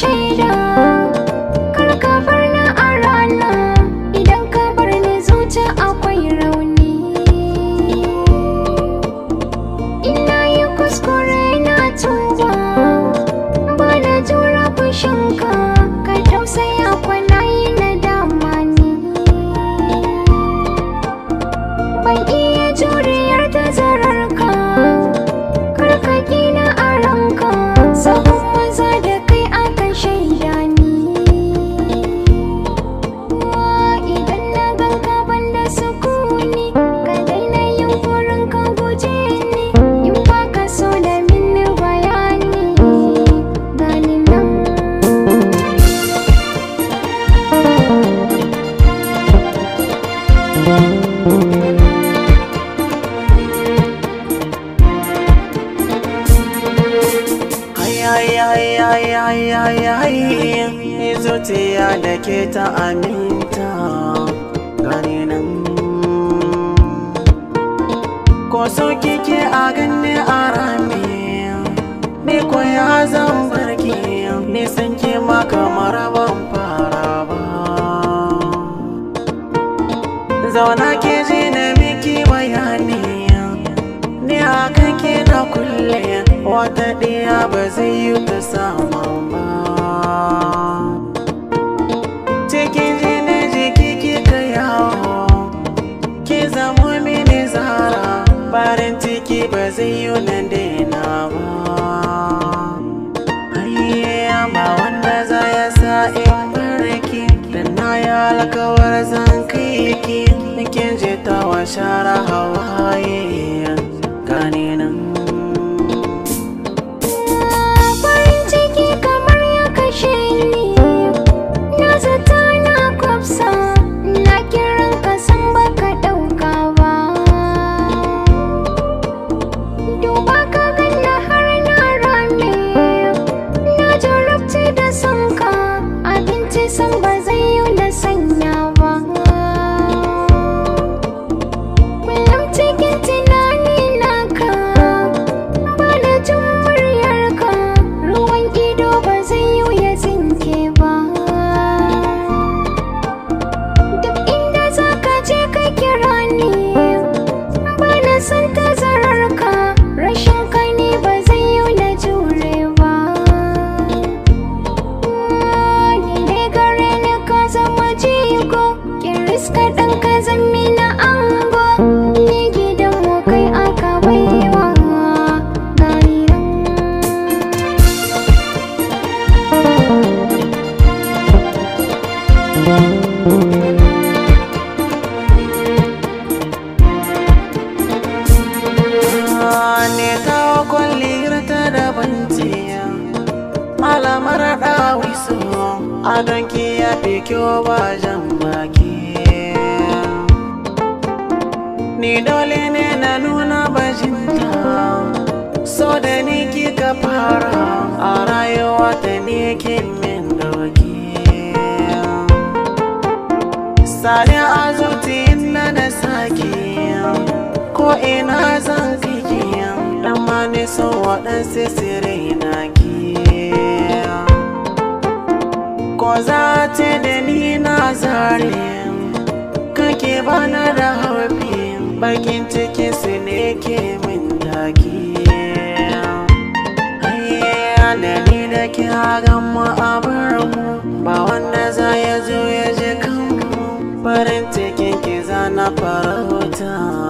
shirya karkafar na a rana idan ka bar ni zuciya akwai rawa Ayayayayayayi zuciya da ke ta aminta gare nan Ko so kike a ganni a rami Ni ko ya zan barki Ni san ke ma kamar ban fara zauna ke ji na miki bayani ni a kan ke na kulle wata ɗaya ba zai yi ta sama ba cikin ji na jiki ki ta yawo ki zamo mini zara farin ciki ba zai yi na daina ba ba wanda za ya sa in barki da na yi alkawar zan shara hawaye gane nan fuskar ɗan ka na ango ne gidan mu aka baiwa Ne kawo kwalliyar ta da banciya, alamar ɗawi su a don ya fi kyau ba jan baki. ni dole ne na nuna bajinta so da ni kika fara a rayuwa ta ne ke min doki sare a zuciyin na da sake ko ina zan kike dan ma ne so waɗansu sirri na ki ko za ta da ni na zare kake bana da bakin ciki su ne ke min taki da ni da ke hagan mu a mu ba wanda za ya zo ya je kanmu farin cikin ki zana farauta